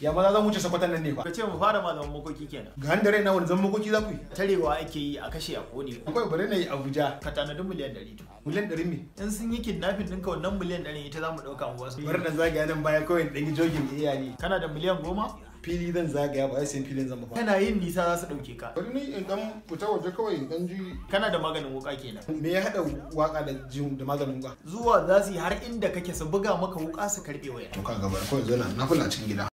ya ba za mu wuce sakwatan nan ne ba. Kace mu fara malaman makoki kenan. Ga da rai na wani zan makoki za ku yi. Tarewa ake yi a kashe a kone. Akwai bari na yi Abuja. Ka tanadi miliyan ɗari. Miliyan ɗari me? In sun yi kidnapping ɗinka wannan miliyan ɗari ita za mu ɗauka mu wasu. Bari na zagaya nan baya kawai ɗan yi da iyali. Kana da miliyan goma? fili zan zagaya ba sai filin zan ba kana yin nisa za su dauke ka bari ni in dan fita waje kawai in dan ji kana da maganin wuka kenan me ya hada waka da jin da maganin wuka zuwa za su yi har inda kake su buga maka wuka su karbe waya to kaga bari kawai zo na na fula cikin gida